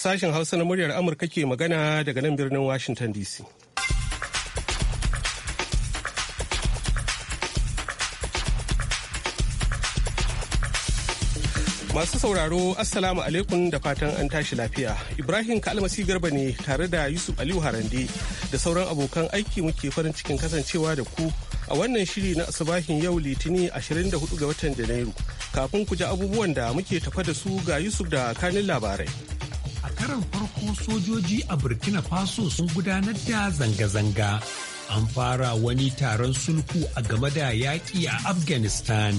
Sashen Hausa na muryar Amurka ke magana daga nan birnin Washington DC. Masu sauraro Assalamu alaikum da fatan an tashi lafiya. Ibrahim Kalmasi Garba ne tare da Yusuf Aliyu Harande da sauran abokan aiki muke farin cikin kasancewa da ku a wannan shiri na asubahin yau litini 24 ga watan Janairu. Kafin ku ji abubuwan da muke tafa da su ga Yusuf da kanin labarai. A karan farko sojoji a Burkina Faso sun gudanar da zanga-zanga. An fara wani taron sulhu a game da yaƙi a Afghanistan.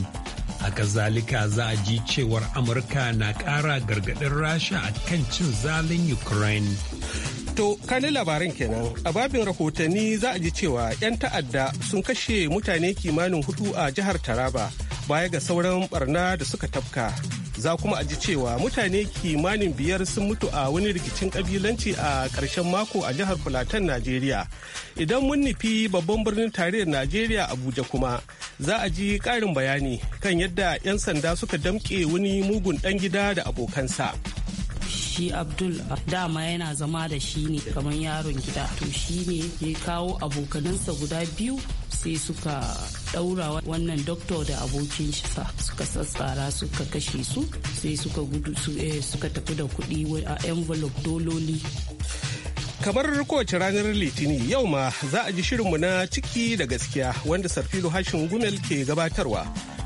A zalika za a ji cewar Amurka na ƙara gargaɗin Rasha a kan cin zalin Ukraine. To, kani labarin kenan, a babin rahotanni za a ji cewa 'yan ta'adda sun kashe mutane kimanin hudu a jihar Taraba baya ga sauran barna da suka tafka. za kuma a ji cewa mutane kimanin biyar sun mutu a wani rikicin kabilanci a ƙarshen mako a jihar Fulatan Najeriya. Idan mun nufi babban birnin tarayyar Najeriya Abuja kuma za a ji ƙarin bayani kan yadda 'yan sanda suka damƙe wani mugun ɗan gida da abokansa. shi abdul dama yana zama da shi ne kamar yaron gida to shi ne ya kawo abokanansa guda biyu sai suka ɗaura wannan doktor da abokin shi sa suka sassara suka kashe su sai suka gudu eh, suka tafi da kuɗi a envelope dololi kamar kowace ranar Litini yau ma za a ji shirinmu na ciki da gaskiya wanda sarfilo hashin gumel ke gabatarwa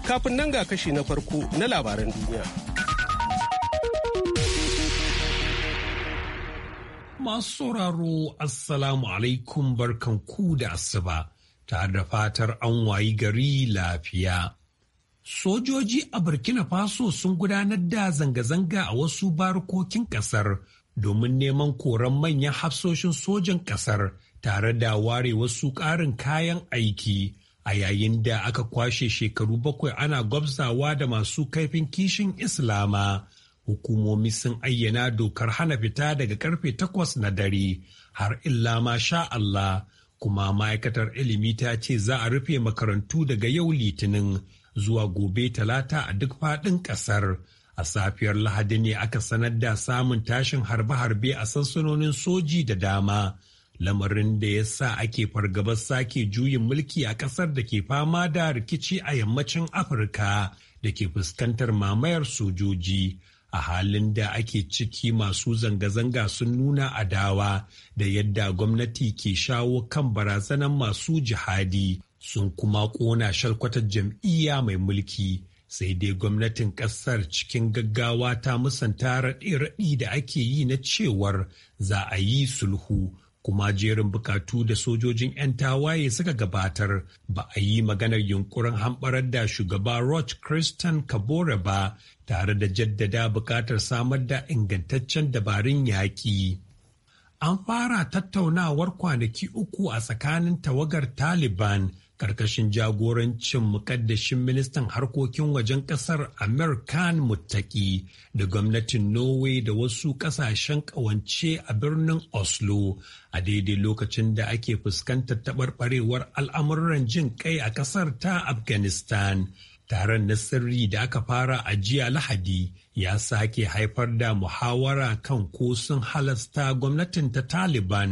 kafin nan ga kashi na farko na labaran duniya masu sauraro assalamu alaikum barkan ku da asuba tare da fatar an wayi gari lafiya. Sojoji a Burkina Faso sun gudanar da zanga-zanga a wasu barkokin ƙasar, domin neman koran manyan hafsoshin sojan ƙasar, tare da ware wasu ƙarin kayan aiki a yayin da aka kwashe shekaru bakwai ana gwabzawa da masu kaifin kishin Islama. Hukumomi sun ayyana dokar hana fita daga karfe takwas na dare har illa ma sha Allah. kuma ma'aikatar ilimi ta ce za a rufe makarantu daga yau litinin zuwa gobe talata a duk faɗin ƙasar a safiyar lahadi ne aka sanar da samun tashin harbe-harbe a sansanonin soji da dama lamarin da ya sa ake fargabar sake juyin mulki a ƙasar da ke fama da rikici a yammacin afirka da ke fuskantar mamayar sojoji a halin da ake ciki masu zanga-zanga sun nuna adawa da yadda gwamnati ke shawo kan barazanar masu jihadi sun kuma ƙona shalkwatar jam'iyya mai mulki sai dai gwamnatin ƙasar cikin gaggawa ta musanta raɗe-raɗi da ake yi na cewar za a yi sulhu kuma jerin bukatu da sojojin 'yan tawaye suka gabatar ba a yi maganar yunkurin hamɓarar da shugaba Roch Christian Kabore ba tare da jaddada bukatar samar da ingantaccen dabarun yaƙi. An fara tattaunawar kwanaki uku a tsakanin tawagar Taliban karkashin jagorancin mukaddashin ministan harkokin wajen kasar American Muttaki da gwamnatin Norway da wasu kasashen kawance a birnin Oslo a daidai lokacin da ake fuskantar taɓarɓarewar al'amuran jin kai a kasar ta Afghanistan. Taron na sirri da aka fara a jiya Lahadi ya sake haifar da muhawara kan ko sun halasta gwamnatin ta Taliban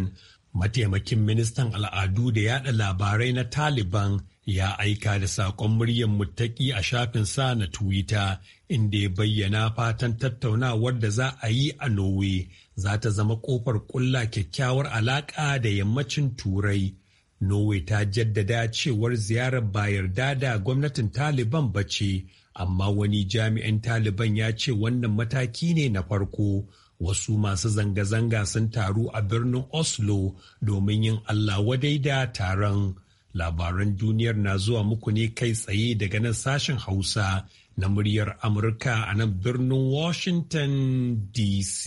mataimakin ministan al'adu da yada labarai na Taliban ya aika da saƙon muryar muttaki a shafin sa na Twitter inda ya bayyana fatan tattaunawar da za a yi a Norway za ta zama ƙofar ƙulla kyakkyawar alaƙa da yammacin Turai. Norway ta jaddada cewar ziyarar ba yarda da gwamnatin Taliban bace, amma wani jami'in Taliban ya ce wannan mataki ne na farko. wasu masu zanga-zanga sun taru a birnin oslo domin yin allah wadai da taron labaran duniyar na zuwa muku ne kai tsaye daga nan sashen hausa na muryar amurka a nan birnin washington dc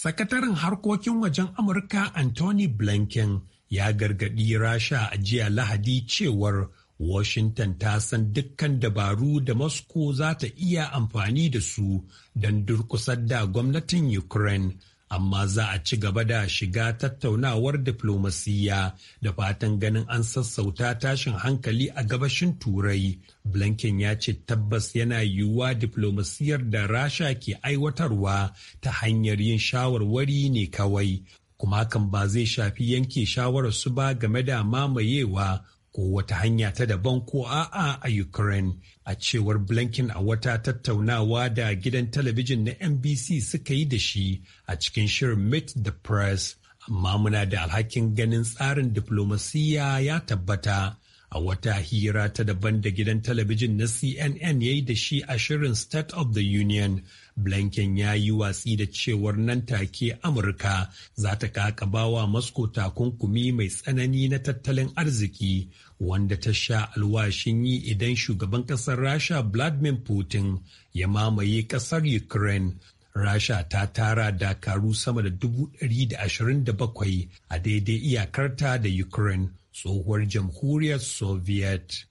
sakataren harkokin wajen amurka anthony blinken ya gargadi rasha a jiya lahadi cewar Washington ta san dukkan dabaru da Moscow za ta iya amfani da su don durkusar da gwamnatin Ukraine, amma za a ci gaba da shiga tattaunawar diflomasiyya da fatan ganin an sassauta tashin hankali a gabashin Turai. Blinken ya ce tabbas yana yiwuwa diflomasiyyar da Rasha ke aiwatarwa ta hanyar yin shawarwari ne kawai, kuma hakan ba zai shafi yanke shawarar su ba game da mamayewa ko wata hanya ta daban ko a'a a Ukraine a cewar Blinken a wata tattaunawa da gidan talabijin na NBC suka yi da shi a cikin shirin Meet the Press. Amma muna da alhakin ganin tsarin diplomasiya ya tabbata a wata hira ta daban da gidan talabijin na CNN ya yi da shi a shirin State of the Union. Blinken ya yi watsi da cewar nan take Amurka za ta kakabawa Moscow takunkumi mai tsanani na tattalin arziki wanda ta sha alwashin yi idan shugaban ƙasar rasha vladimir putin ya mamaye ƙasar ukraine rasha ta tara dakaru sama da dubu da ashirin bakwai a daidai iyakarta da ukraine tsohuwar jamhuriyar soviet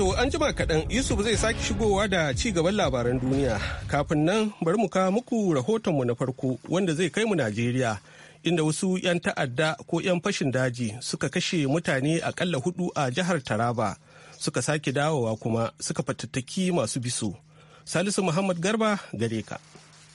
To an jima kaɗan Yusuf zai sake shigowa da ci gaban labaran duniya. Kafin nan bari mu kawo muku mu na farko wanda zai kai mu Najeriya inda wasu 'yan ta'adda ko 'yan fashin daji suka kashe mutane akalla hudu a jihar Taraba suka sake dawowa kuma suka fatattaki masu biso. Salisu Muhammad Garba gare ka.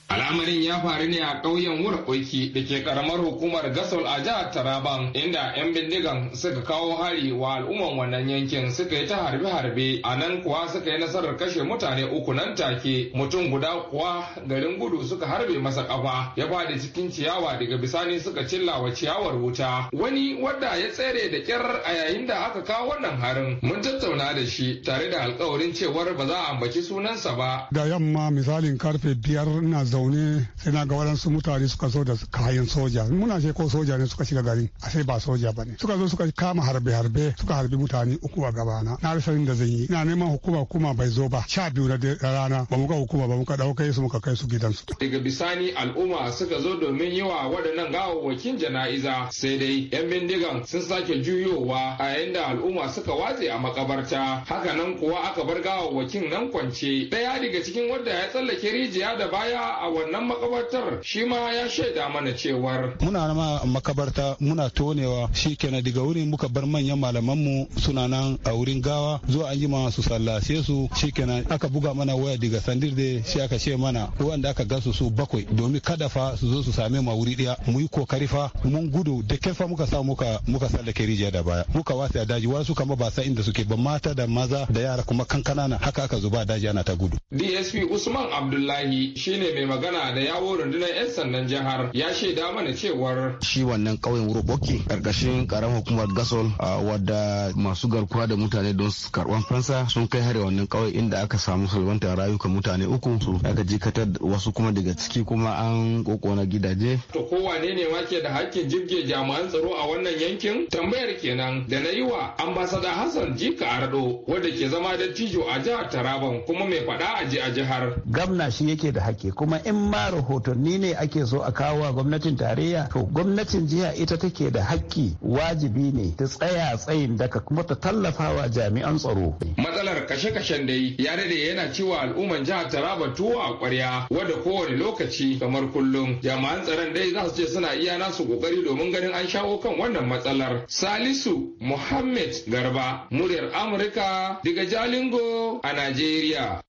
Al'amarin ya faru ne a ƙauyen Wurƙoki da ke ƙaramar hukumar Gasol a jihar Taraban inda 'yan bindigan suka kawo hari wa al'umman wannan yankin suka yi ta harbe-harbe a nan kuwa suka yi nasarar kashe mutane uku nan take mutum guda kuwa garin gudu suka harbe masa kafa ya faɗi cikin ciyawa daga bisani suka cilla wa ciyawar wuta wani wadda ya tsere da kyar a yayin da aka kawo wannan harin mun tattauna da shi tare da alƙawarin cewar ba za a ambaci sunansa ba. ga yamma misalin karfe biyar na zaune sai na ga waɗansu mutane suka zo da kayan soja muna ce ko soja ne suka shiga gari a sai ba soja ba ne suka zo suka kama harbe harbe suka harbi mutane uku a gabana na rasa da zan yi ina neman hukuma hukuma bai zo ba sha biyu na rana ba mu ga hukuma ba muka ɗaukai su muka kai su gidansu. daga bisani al'umma suka zo domin yi wa waɗannan gawawwakin jana'iza sai dai yan bindigan sun sake juyowa a yayin da al'umma suka watse a makabarta hakanan kuwa aka bar gawawwakin nan kwance ɗaya daga cikin wanda ya tsallake rijiya da baya a wannan makabartar shi ma ya shaida mana cewar. Muna ma makabarta muna tonewa shi kenan daga wurin muka bar manyan malamanmu suna nan a wurin gawa zuwa an ma su sallace su shi kenan aka buga mana waya daga sandir da shi aka ce mana wanda aka gasu su bakwai domin kada fa su zo su same mu wuri daya mu yi kokari fa mun gudu da kefa muka sa muka muka sallake rijiya da baya muka wasa a daji wasu kama ba sa inda suke ba mata da maza da yara kuma kankana haka aka zuba daji ana ta gudu. DSP Usman Abdullahi shine mai magana da yawo rundunar 'yan sannan jihar ya shaida mana cewar shi wannan ƙauyen wuroboki ƙarƙashin ƙaramar hukumar gasol wadda masu garkuwa da mutane don su karɓan fansa sun kai hari wannan ƙauye inda aka samu salwanta rayukan mutane uku su aka jikatar wasu kuma daga ciki kuma an kokona gidaje. To kowane ne ma ke da hakkin jirge jami'an tsaro a wannan yankin? Tambayar kenan da na yi wa ambasada Hassan Jika Ardo wanda ke zama da tijo a jihar Taraban kuma mai faɗa a ji a jihar. Gamna shi yake da hakki kuma in ma rahotanni ne ake so a kawo wa gwamnatin tarayya to gwamnatin jiha ita take da hakki wajibi ne ta tsaya tsayin daka kuma ta tallafa wa jami'an tsaro. Matsalar kashe-kashen dai ya dade yana cewa al'umman jihar Taraba tuwo a ƙwarya wadda kowane lokaci kamar kullum jami'an tsaron dai za su ce suna iya nasu kokari domin ganin an shawo kan wannan matsalar. Salisu Muhammad Garba muryar Amurka daga Jalingo a Najeriya.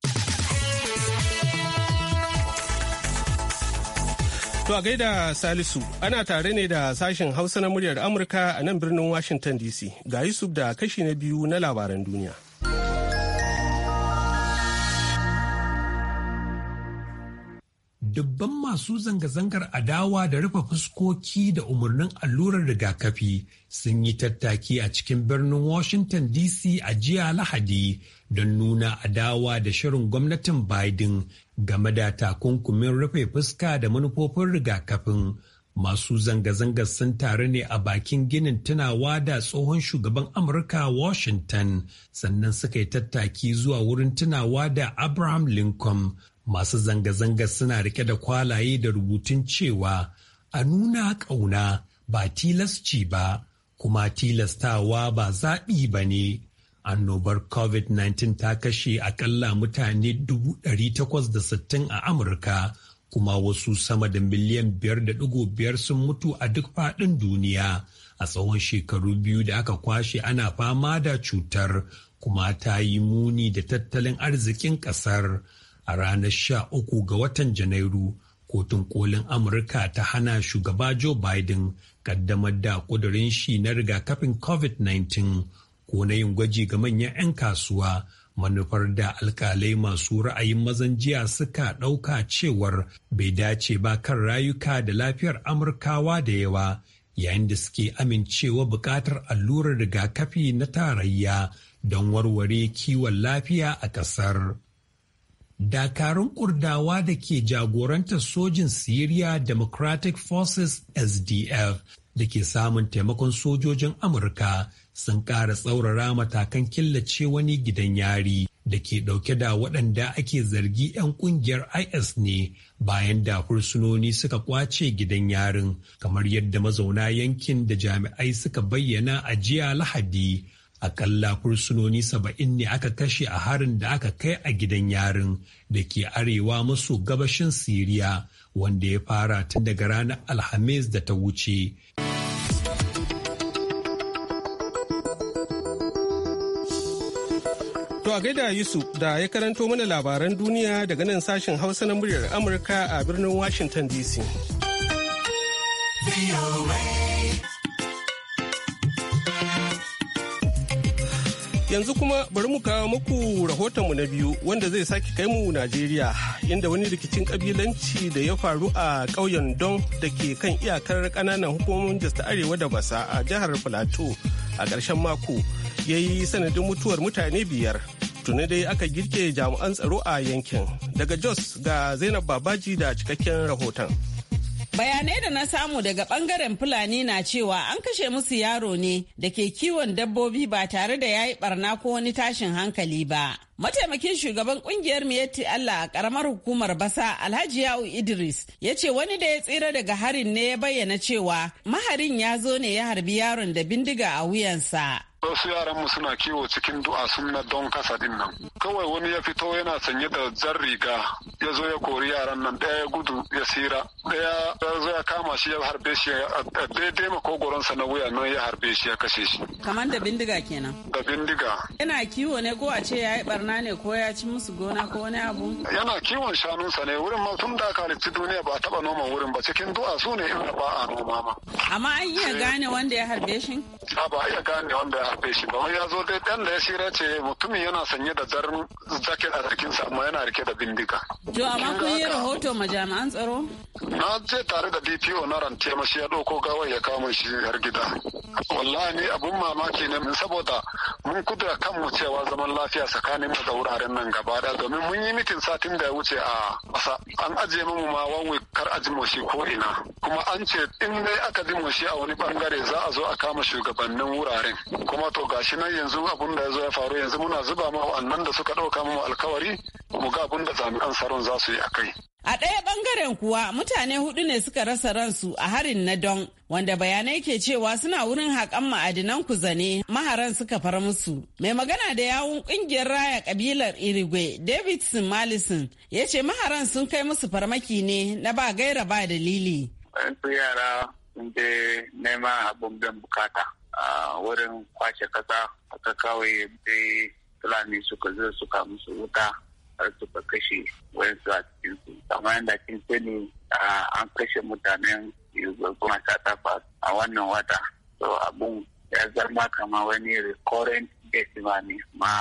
To a gaida Salisu ana tare ne da sashen Hausa na muryar Amurka a nan birnin Washington DC ga Yusuf da kashi na biyu na labaran duniya. dubban masu zanga-zangar adawa da rufe fuskoki da umarnin allurar rigakafi sun yi tattaki a cikin birnin Washington DC a jiya Lahadi don nuna adawa da shirin gwamnatin Biden game da takunkumin rufe fuska da manufofin rigakafin. Masu zanga-zangar sun taru ne a bakin ginin tunawa da tsohon shugaban Amurka Washington, sannan suka yi tattaki zuwa wurin tunawa da Abraham Lincoln. masu zanga-zanga suna rike da kwalaye da rubutun cewa a nuna ƙauna ba tilasci ba kuma tilastawa ba zaɓi ba ne. Annobar COVID-19 ta kashe akalla mutane 860 a Amurka kuma wasu sama da miliyan 5.5 sun mutu a duk faɗin duniya a tsawon shekaru biyu da aka kwashe ana fama da cutar kuma ta yi muni da tattalin arzikin ƙasar. a ranar sha uku ga watan janairu kotun kolin amurka ta hana shugaba joe biden kaddamar da kudurin shi na rigakafin covid-19 ko na yin gwaji ga manyan 'yan kasuwa manufar da alkalai masu ra'ayin mazan jiya suka ɗauka cewar bai dace ba kan rayuka da lafiyar amurkawa da yawa yayin da suke amincewa buƙatar allurar rigakafi na tarayya don warware kiwon lafiya a ƙasar. dakarun kurdawa da ke jagorantar sojin syria democratic forces sdf da ke samun taimakon sojojin amurka sun ƙara tsaurara matakan killace wani gidan yari da ke ɗauke da waɗanda ake zargi 'yan ƙungiyar is ne bayan da fursunoni suka ƙwace gidan yarin kamar yadda mazauna yankin da jami'ai suka bayyana a jiya lahadi Akalla fursunoni saba'in ne aka kashe a harin da aka kai a gidan yarin da ke arewa maso gabashin Siriya wanda ya fara tun daga ranar Alhamis da ta wuce. To a gaida Yusuf da ya karanto mana labaran duniya daga nan sashen Hausa na muryar Amurka a birnin Washington DC. Yanzu kuma bari mu kawo muku rahotonmu na biyu wanda zai sake kai mu Najeriya inda wani rikicin kabilanci da ya faru a ƙauyen Don da ke kan iyakar ƙananan hukumomin jasta Arewa da Basa a jihar Filato a ƙarshen mako ya yi sanadin mutuwar mutane biyar. Tuni dai aka girke jami'an tsaro a yankin. Daga Jos ga Zainab Babaji da cikakken rahoton. Bayanai da na samu daga bangaren Fulani na cewa an kashe musu yaro ne da ke kiwon dabbobi ba tare da ya yi barna ko wani tashin hankali ba. Mataimakin shugaban kungiyar Miyatti Allah a karamar hukumar Basa Alhaji Ya'u Idris ya ce wani da ya tsira daga harin ne ya bayyana cewa maharin ya zo ne ya harbi yaron da bindiga a wuyansa. wasu yaran mu suna kiwo cikin du'a sunna don kasa din nan kawai wani ya fito yana sanye da jar riga ya zo ya kori yaran nan ɗaya ya gudu ya sira ɗaya ya zo ya kama shi ya harbe shi a daidai makogoronsa na wuya nan ya harbe shi ya kashe shi kamar da bindiga kenan da bindiga yana kiwo ne ko a ce ya yi barna ne ko ya ci musu gona ko wani abu yana kiwon shanunsa ne wurin ma tun da halitti duniya ba taba noma wurin ba cikin du'a su ne in ba a noma ma amma an iya gane wanda ya harbe shi a ba a iya gane wanda ya harbe shi ba ya zo dai dan da ya shira ce mutumin yana sanye da jar jacket a sa amma yana rike da bindiga to amma kun yi rahoto ma jami'an tsaro na je tare da BPO na ranta mashi ya dauko gawar ya kama shi har gida wallahi ne abun mamaki ne saboda mun kudura kanmu cewa zaman lafiya tsakanin mu da wuraren nan gaba da domin mun yi mitin satin da ya wuce a ƙasa an ajiye mu ma wani kar a mu shi ko ina kuma an ce in dai aka mu shi a wani bangare za a zo a kama shugabannin wuraren kuma amma to gashi nan yanzu abun da ya faru yanzu muna zuba ma wa'annan da suka ɗauka mu alkawari mu ga abun da jami'an tsaron za su yi a kai. A ɗaya bangaren kuwa mutane hudu ne suka rasa ransu a harin na don wanda bayanai ke cewa suna wurin haƙan ma'adinan kuzane maharan suka far musu. Mai magana da yawun ƙungiyar raya ƙabilar Irigwe david Malison ya ce maharan sun kai musu farmaki ne na ba gaira ba dalili. yara sun je neman abun bukata. wurin kwace kasa aka kawai sai fulani suka zo suka musu wuta har suka kashe wayansu a cikin su. kamar yadda kin sani an kashe mutanen goma ta takwas a wannan wata to abun ya zama kama wani recurrent death ne ma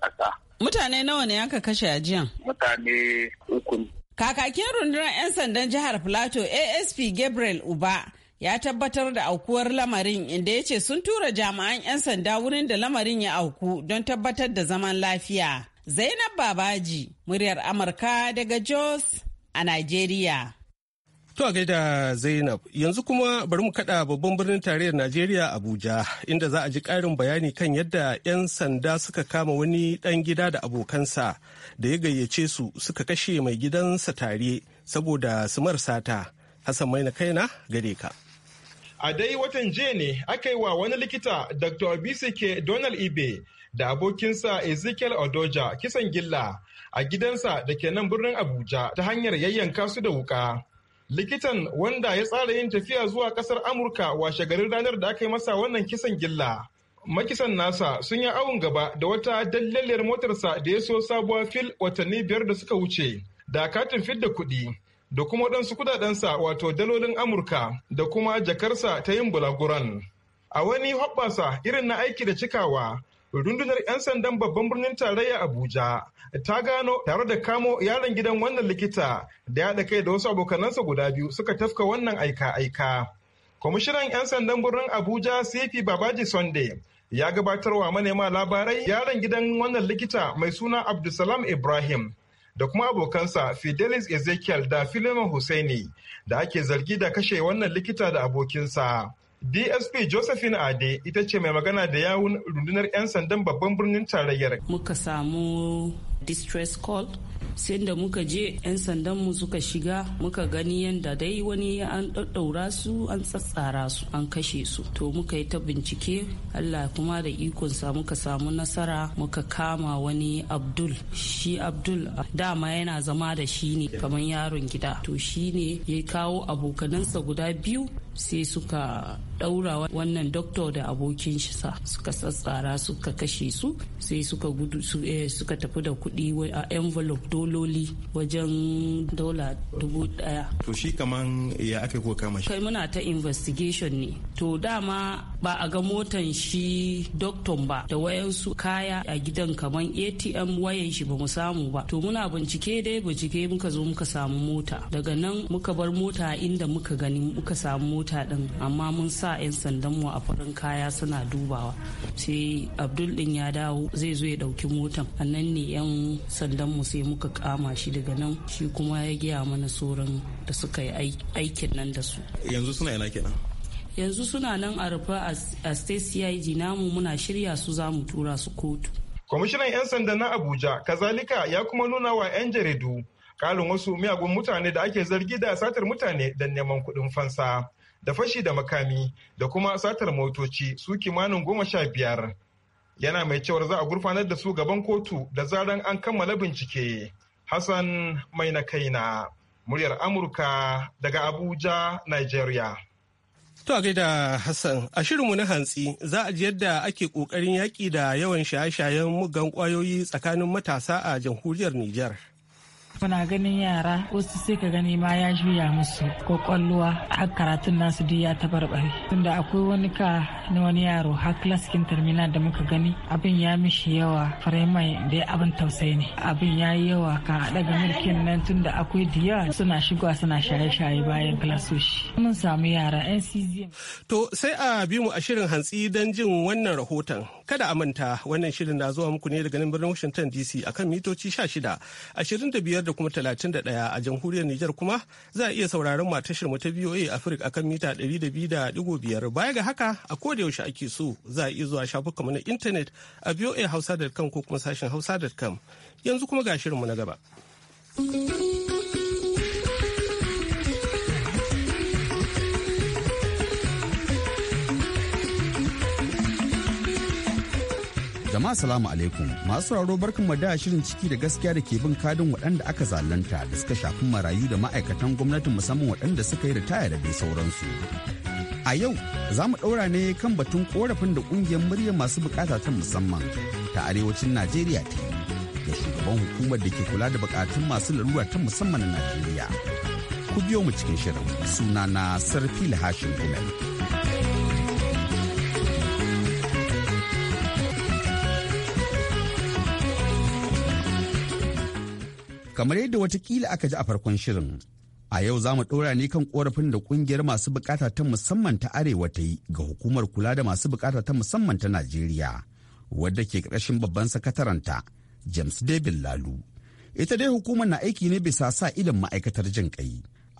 kasa mutane nawa ne aka kashe a jiyan mutane uku Kakakin rundunar 'yan sandan jihar Plateau ASP Gabriel Uba ya tabbatar da aukuwar lamarin inda ya ce sun tura jami'an 'yan sanda wurin da lamarin ya auku don tabbatar da zaman lafiya. Zainab Babaji, muryar Amurka daga Jos a Najeriya. To a gaida Zainab, yanzu kuma bari mu kada babban birnin tarayyar Najeriya Abuja, inda za a ji ƙarin bayani kan yadda 'yan sanda suka kama wani ɗan gida da abokansa da ya gayyace su suka kashe mai gidansa tare saboda su marasa ta. Hassan Maina kaina gare ka. A dai watan jiya ne aka yi wa wani likita Dr. Obisike Donald Ibe da abokinsa Ezekiel Odoja kisan gilla a gidansa da ke nan birnin Abuja ta hanyar yayyanka su da wuka. Likitan wanda ya tsara yin tafiya zuwa kasar Amurka washe garin ranar da aka yi masa wannan kisan gilla. Makisan nasa sun yi awon gaba da wata dallaliyar motarsa da ya so sabuwa fil watanni biyar da suka wuce da katin fidda kuɗi. da kuma waɗansu kudadensa wato dalolin Amurka da kuma jakarsa ta yin bulaguran. A wani hoɓɓasa irin na aiki da cikawa, rundunar 'yan sandan babban birnin tarayya Abuja ta gano tare da kamo yaron gidan wannan likita da ya kai da wasu abokanansa guda biyu suka tafka wannan aika-aika. Kwamishinan 'yan sandan birnin Abuja CP Babaji Sunday ya gabatarwa manema labarai yaron gidan wannan likita mai suna Abdulsalam Ibrahim da kuma abokansa Fidelis Ezekiel da Filemon Hussaini da ake zargi da kashe wannan likita da abokinsa. DSP Josephine Ade ita ce mai magana da yawun rundunar 'yan sandan babban birnin tarayyar. Muka samu distress call sai da muka je 'yan sandan mu suka shiga muka gani yadda dai wani an ɗaɗɗaura su an tsatsara su an kashe su to muka yi ta bincike allah kuma da ikon sa muka samu nasara muka kama wani abdul shi abdul dama yana zama da shi ne kamar yaron gida to shi ne ya kawo abokanansa guda biyu sai suka ɗaura wannan doktor da abokin shi sa suka sassara suka kashe su sai suka gudu eh, suka tafi da kuɗi a envelope kuloli wajen dola dubu daya to shi kaman ya aka ko kama shi kai muna ta investigation ne to dama ba a ga motan shi doktor ba da wayansu kaya a gidan kaman atm wayan shi ba mu samu ba to muna bincike dai bincike muka zo muka samu mota daga nan muka bar mota inda muka gani muka samu mota din amma mun sa 'yan sandan mu a farin kaya suna dubawa sai abdul din ya dawo zai zo ya dauki motan a nan ne 'yan sandan mu sai muka kama shi daga nan shi kuma ya gaya mana sauran da suka yi aikin nan da su yanzu suna yana kenan yanzu suna nan a rufe a state namu muna shirya su za mu tura su kotu kwamishinan 'yan sanda na abuja kazalika ya kuma nuna wa 'yan jaridu kalin wasu miyagun mutane da ake zargi da satar mutane don neman kuɗin fansa da fashi da makami da kuma satar motoci su kimanin goma sha biyar yana mai cewar za a gurfanar da su gaban kotu da zaran an kammala bincike Hassan mai na kaina muryar Amurka daga Abuja, Nigeria. To a gaida Hassan, a shirinmu na hantsi za a ji yadda ake ƙoƙarin yaƙi da yawan shaye-shayen mugan ƙwayoyi tsakanin matasa a jamhuriyar Nijar. Muna ganin yara wasu sai ka gani ma ya juya musu ko kwalluwa a karatun nasu duk ya tabarbare. Tunda akwai wani ka na wani yaro har kilaskin terminal da muka gani abin ya mishi yawa firamai da ya abin tausayi ne. Abin ya yi yawa ka daga mulkin nan tunda akwai diya suna shigowa suna shaye-shaye bayan kilasoshi. Mun samu yara NCZ. To sai a bi mu a shirin hantsi don jin wannan rahoton Kada a manta wannan shirin na zuwa muku ne daga nan birnin Washington DC akan mitoci 16, 25 da kuma 31 a jamhuriyar Nijar kuma za a iya sauraron matashar mu ta BOA Africa akan mita 200.5 baya ga haka a koda yaushe ake so za a iya zuwa shafukanmu na intanet a voahausa.com ko kuma sashen hausa.com yanzu kuma ga shirinmu na gaba. Jama'a salamu alaikum masu sauraro barkan mu da shirin ciki da gaskiya da ke bin kadin waɗanda aka zalunta da suka shafi marayu da ma'aikatan gwamnatin musamman waɗanda suka yi ritaya da dai sauransu. A yau za mu ɗaura ne kan batun korafin da ƙungiyar murya masu bukata ta musamman ta arewacin Najeriya ta yi da shugaban hukumar da ke kula da bukatun masu larura ta musamman na Najeriya. Ku biyo mu cikin shirin sunana Sarfil Hashim Gumel. kamar yadda watakila aka ji a farkon shirin a yau za mu ɗora ne kan korafin da kungiyar masu bukata ta musamman ta arewa ta yi ga hukumar kula da masu bukata ta musamman ta najeriya wadda ke ƙarshen babban sakataranta james david lalu ita dai hukumar na aiki ne bisa sa idan ma'aikatar jin kai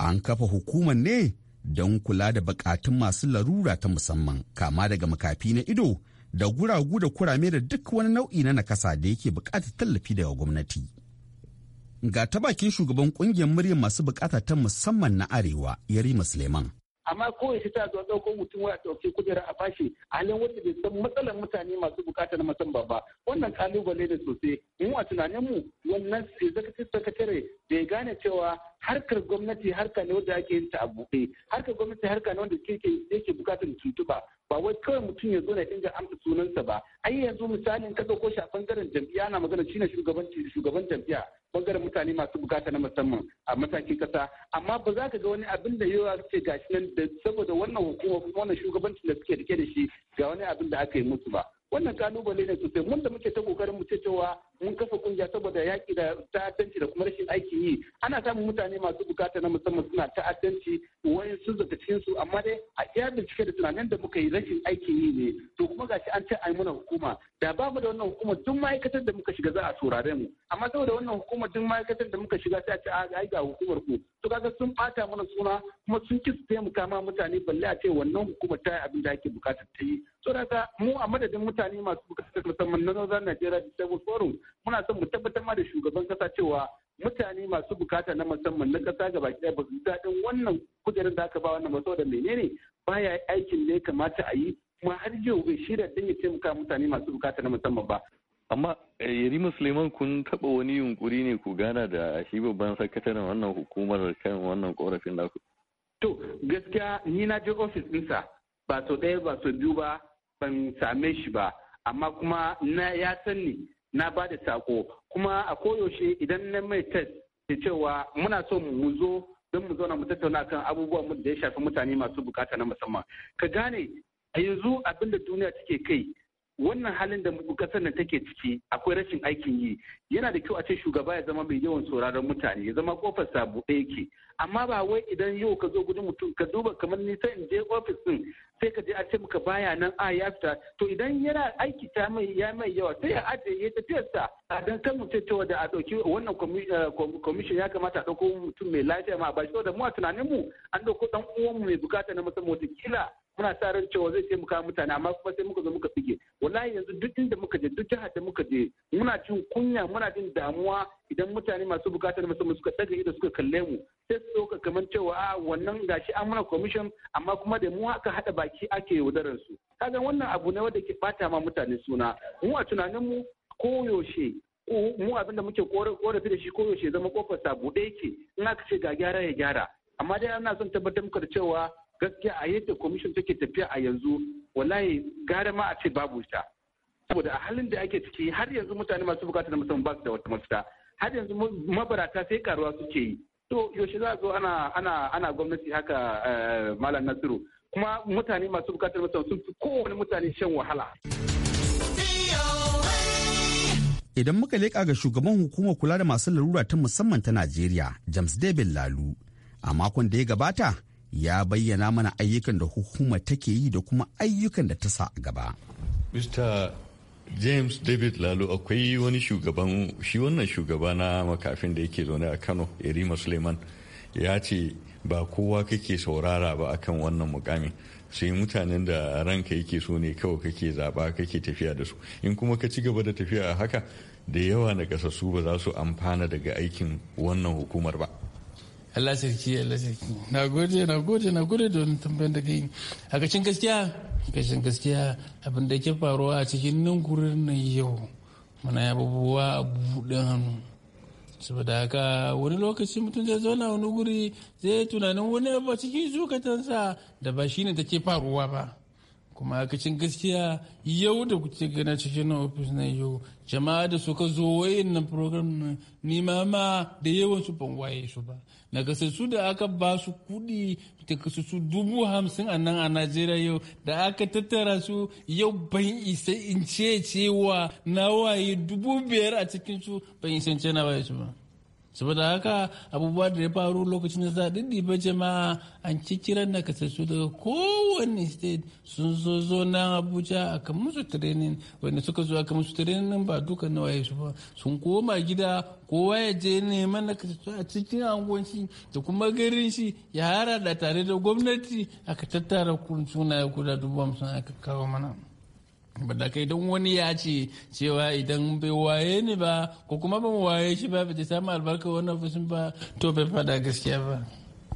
an kafa hukumar ne don kula da bukatun masu larura ta musamman kama daga makafi na ido da guragu da kurame da duk wani nau'i na nakasa da yake bukatar tallafi daga gwamnati Ga ta bakin shugaban kungiyar muryar masu bukata ta musamman na Arewa, Yarima Suleiman. amma kawai shi ta zo ɗauko mutum waya ɗauke kujera a bashi a halin wanda bai san matsalar mutane masu bukata na musamman ba wannan kalubale ne sosai wa a tunaninmu wannan executive sakatare bai gane cewa harkar gwamnati harka ne wanda ake yin ta a buɗe harkar gwamnati harka ne wanda yake bukatar tuntuba ba wai kawai mutum ya zo na dinga amsa sunansa ba ai yanzu misalin ka ko shi a bangaren jam'iyya na magana shine shugabanci shugaban jam'iyya bangaren mutane masu bukata na musamman a matakin kasa amma ba za ka ga wani abin da yawa suke gashi nan da saboda wannan hukuma kuma wannan shugabancin da suke rike da shi ga wani abin da aka yi musu ba wannan kalubale ne sosai mun da muke ta kokarin mu cewa mun kafa kungiya saboda yaƙi da ta'addanci da kuma rashin aikin yi ana samun mutane masu bukata na musamman suna ta'addanci wayan sun daga cikin su amma dai a iya cike da tunanin da muka yi rashin aikin yi ne to kuma gashi an ce yi mana hukuma da ba mu da wannan hukuma duk ma'aikatar da muka shiga za a turare mu amma saboda wannan hukuma duk ma'aikatar da muka shiga sai a ce a ai ga hukumar ku to kaga sun bata mana suna kuma sun ki su taimaka ma mutane balle a ce wannan hukumar ta yi abin da ake bukatar ta yi saboda mu a madadin mutane masu bukatar musamman na Northern Nigeria Disabled Forum muna son mu tabbatar ma da shugaban kasa cewa mutane masu bukata na musamman na kasa gaba ɗaya ba su daɗin wannan kujerar da aka ba wannan ba da menene baya aikin da ya kamata a yi kuma har yau bai shirya don ya taimaka mutane masu bukata na musamman ba. amma eh, yari suleiman kun taɓa wani yunkuri ne ku gana da shi babban sakataren wannan hukumar kan wannan korafin naku. to gaskiya ni na je ofis ɗinsa ba sau ɗaya ba sau biyu ba ban same shi ba amma kuma na ya san na ba da sako kuma a koyaushe idan na mai test da cewa muna so mu zo don mu zauna mu tattauna kan abubuwan da ya shafi mutane masu bukata na musamman ka gane a yanzu abin da duniya take kai wannan halin da kasar nan take ciki akwai rashin aikin yi yana da kyau a ce shugaba ya zama mai yawan sauraron mutane ya zama kofar sa buɗe yake amma ba wai idan yau ka zo gudun mutum ka duba kamar ni sai in je ofis din sai ka je a ce muka baya nan a ya fita to idan yana aiki ta mai ya mai yawa sai ya ajiye ya tafiya sa a dan kan mutum ta da a dauki wannan eh, commission ya kamata a dauko mutum mai lafiya ma ba shi da mu a tunanin mu an ɗauko ɗan uwan mu mai bukata na musamman wata kila muna sa ran cewa zai taimaka mutane amma kuma sai muka zo muka fige wallahi yanzu duk inda muka je duk jihar da muka je muna jin kunya muna jin damuwa idan mutane masu bukatar musamman suka daga ido suka kalle mu sai su ɗauka kamar cewa a ah, wannan gashi an muna commission amma kuma da mu haka hada baki ake yaudarar su kaga wannan abu ne wanda ke bata ma mutane suna mu a tunanin mu koyaushe mu abinda muke korafi da shi koyaushe zama kofar sa buɗe yake in aka ce ga gyara ya gyara amma dai ana son tabbatar muka da cewa gaskiya a yadda kwamishin take tafiya a yanzu wallahi gara ma a ce babu ta saboda a halin da ake ciki har yanzu mutane masu bukata na musamman ba su da wata mafita har yanzu mabarata sai karuwa suke yi to yaushe za a zo ana ana ana gwamnati haka eh, malam nasiru kuma mutane masu bukatar musamman sun fi kowane mutane shan wahala idan muka leƙa ga shugaban hukumar kula da masu larura ta musamman ta najeriya james david lalu a makon da ya gabata ya bayyana mana ayyukan da hukuma take yi da kuma ayyukan da ta sa a gaba. Mr. James David Lalo akwai wani shugaban shi wannan shugaba na makafin da yake zaune a Kano erima Suleiman ya ce ba kowa kake saurara ba akan wannan mukamin sai mutanen da ranka yake so ne kawai kake zaba kake tafiya da su in kuma ka ci gaba da tafiya haka da yawa na kasassu ba za su amfana daga aikin wannan hukumar ba. Allah sarki Allah sarki na gode na gode na gode don tambayar da kai a kashin gaskiya kashin gaskiya abin da ke faruwa a cikin nan gurin nan yau muna babuwa a buɗe hannu saboda haka wani lokaci mutum zai zauna wani guri zai tunanin wani abu a cikin zukatansa da ba shine take faruwa ba kuma hakacin gaskiya yau da kuke gana cikin ofis na yau jama'a da suka zo wayan nan program na nima ma da yawan su ban waye su ba na kasassu da aka ba su kudi da kasassu dubu hamsin a nan a najeriya yau da aka tattara su yau ban isa in ce cewa na waye dubu biyar a cikin su ban isa ce na waye su ba saboda haka abubuwa da ya faru lokacin da za ba jama'a an ci kiran na kasassu daga kowane state sun zo zo na abuja kan musu training wanda suka zo aka musu training ba duka na waye su ba sun koma gida kowa ya je neman na kasassu a cikin angonci da kuma garin shi ya hara da tare da gwamnati aka tattara ya guda dubu hamsin aka kawo mana. kai don wani ya ce cewa idan bai waye ni ba ko kuma ban waye shi ba bai samu albarka wannan fushin ba to bai fada gaskiya ba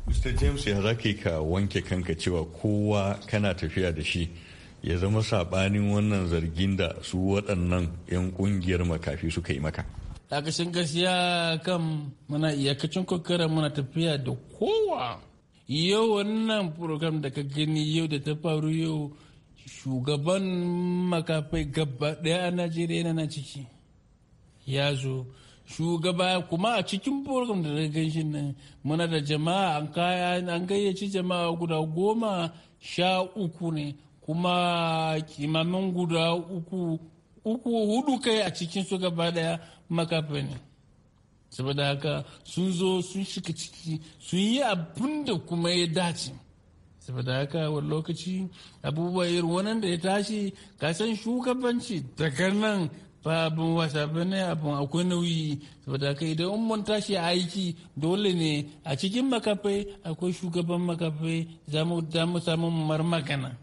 mr james ya zaki ka wanke kanka cewa kowa kana tafiya da shi ya zama sabanin wannan zargin da su waɗannan 'yan ƙungiyar makafi suka yi maka lakashin gaskiya kan muna iyakacin kokara muna tafiya da kowa yau wannan program da ka gani yau da ta faru yau shugaban makafai gaba daya a najeriya yana ciki ya zo shugaba kuma a cikin program da daga shi nan muna da jama'a an kaya an gayyaci jama'a guda goma sha uku ne kuma kimamin guda uku uku hudu kai a cikin su gaba daya makafai ne saboda haka sun zo sun shiga ciki sun yi abin da kuma ya dace saboda haka wani lokaci abubuwa irin wannan da ya tashi kasan shugabanci daga nan ba abin wasa ba ne abin akwai nauyi saboda haka idan in mun tashi aiki dole ne a cikin makafai akwai shugaban makafai za mu samu samun marmagana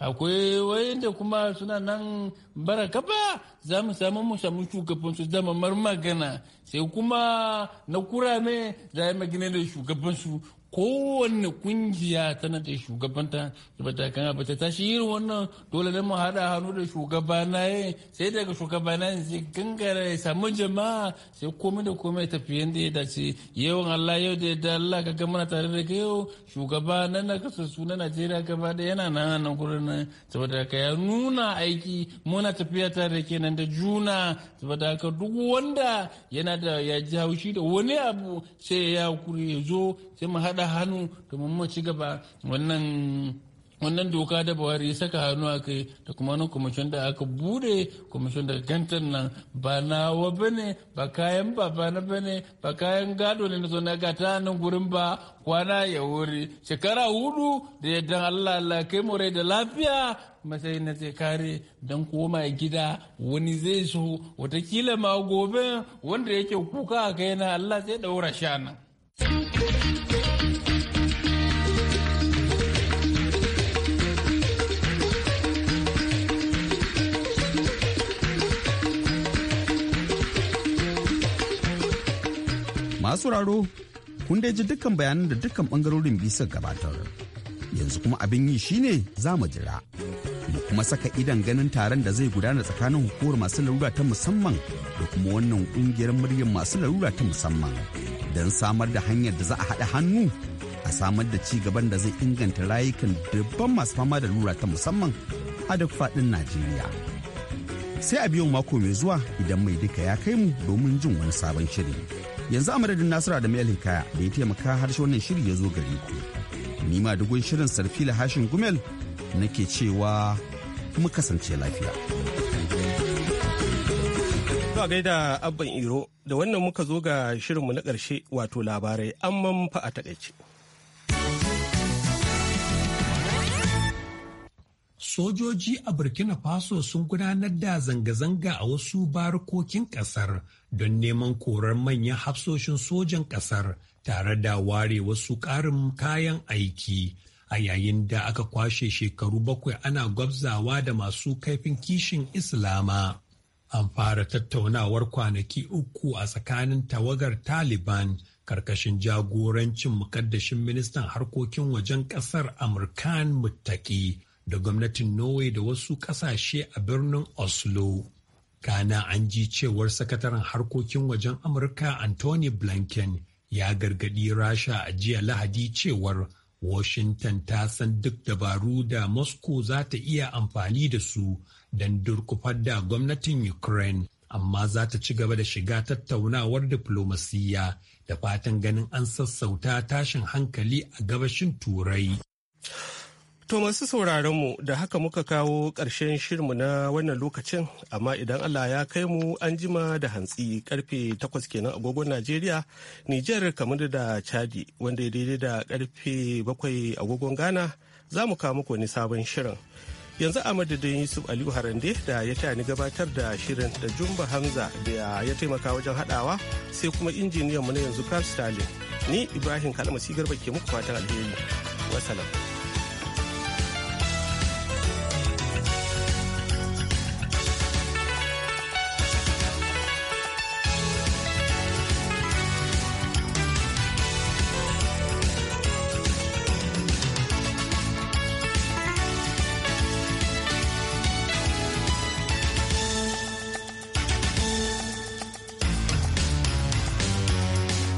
akwai wayanda kuma suna nan bara kafa za mu samu mu samu shugaban su zama marmagana sai kuma na kurame za yi magana da shugaban su kowanne kungiya tana da shugabanta ba ta kan ba ta shi irin wannan dole ne mu hada hannu da shugabana ne sai daga shugabana ne sai gangara ya samu jama'a sai komai da komai tafi yanda ya dace yawan Allah yau da yadda Allah ka gama tare da yau shugaba na na kasa su Najeriya gaba da yana nan nan gurin nan saboda ka ya nuna aiki muna tafiya tare kenan da juna saboda ka duk wanda yana da ya ji haushi da wani abu sai ya kuri ya zo sai mu haɗa hannu domin mu ci gaba wannan wannan doka da buhari ya saka hannu a kai da kuma wani kwamishin da aka bude kwamishin da kantar nan ba nawa ba ne ba kayan baba na ba ne ba kayan gado ne na zona gata nan gurin ba kwana ya wuri shekara hudu da yadda allah allah kai mu rai da lafiya masai na zai kare don koma gida wani zai so watakila ma gobe wanda yake kuka a kai na allah zai daura shana. Masu raro, kun dai ji dukkan bayanan da dukkan bangarorin bisa gabatar. Yanzu kuma abin yi shine za mu jira. Mu kuma saka idan ganin taron da zai gudana tsakanin hukumar masu larura ta musamman da kuma wannan kungiyar muryar masu larura ta musamman. Don samar da hanyar da za a haɗa hannu a samar da ci gaban da zai inganta rayukan dubban masu fama da lura ta musamman a duk faɗin Najeriya. Sai a biyo mako mai zuwa idan mai duka ya kai mu domin jin wani sabon shiri. yanzu a madadin nasira da mail hikaya da ya taimaka harshe wannan shiri ya zo gare ku ni ma dugun shirin sarfi sarfila hashin gumel nake cewa mu kasance lafiya to gaida abban iro da wannan muka zo ga shirinmu na ƙarshe wato labarai amman fa a takaice sojoji a burkina faso sun gudanar da zanga-zanga a wasu barkokin kasar don neman korar manyan hafsoshin sojan kasar tare da ware wasu karin kayan aiki a yayin da aka kwashe shekaru bakwai ana gwabzawa da masu kaifin kishin islama an fara tattaunawar kwanaki uku a tsakanin tawagar taliban karkashin jagorancin mukaddashin ministan harkokin wajen kasar amurkan muttaki da gwamnatin Norway da wasu kasashe a birnin Oslo. Kana an ji cewar sakataren harkokin wajen Amurka Anthony Blinken ya gargadi Rasha a jiya Lahadi cewar Washington ta san duk dabaru da Moscow za ta iya amfani da su don durkufar da gwamnatin Ukraine, amma za ta ci gaba da shiga tattaunawar diflomasiyya da fatan ganin an sassauta tashin hankali a gabashin Turai. To masu mu da haka muka kawo ƙarshen shirmu na wannan lokacin amma idan Allah ya kai mu an jima da hantsi karfe takwas kenan agogon Najeriya, Nijar kamar da Chadi wanda ya daidai da karfe bakwai agogon Ghana za mu kawo muku wani sabon shirin. Yanzu a madadin Yusuf Aliyu Harande da ya ta ni gabatar da shirin da Jumba Hamza da ya taimaka wajen haɗawa sai kuma injiniyan mu na yanzu Carl Stalin. Ni Ibrahim Kalmasi Garba ke muku fatan alheri. Wassalam.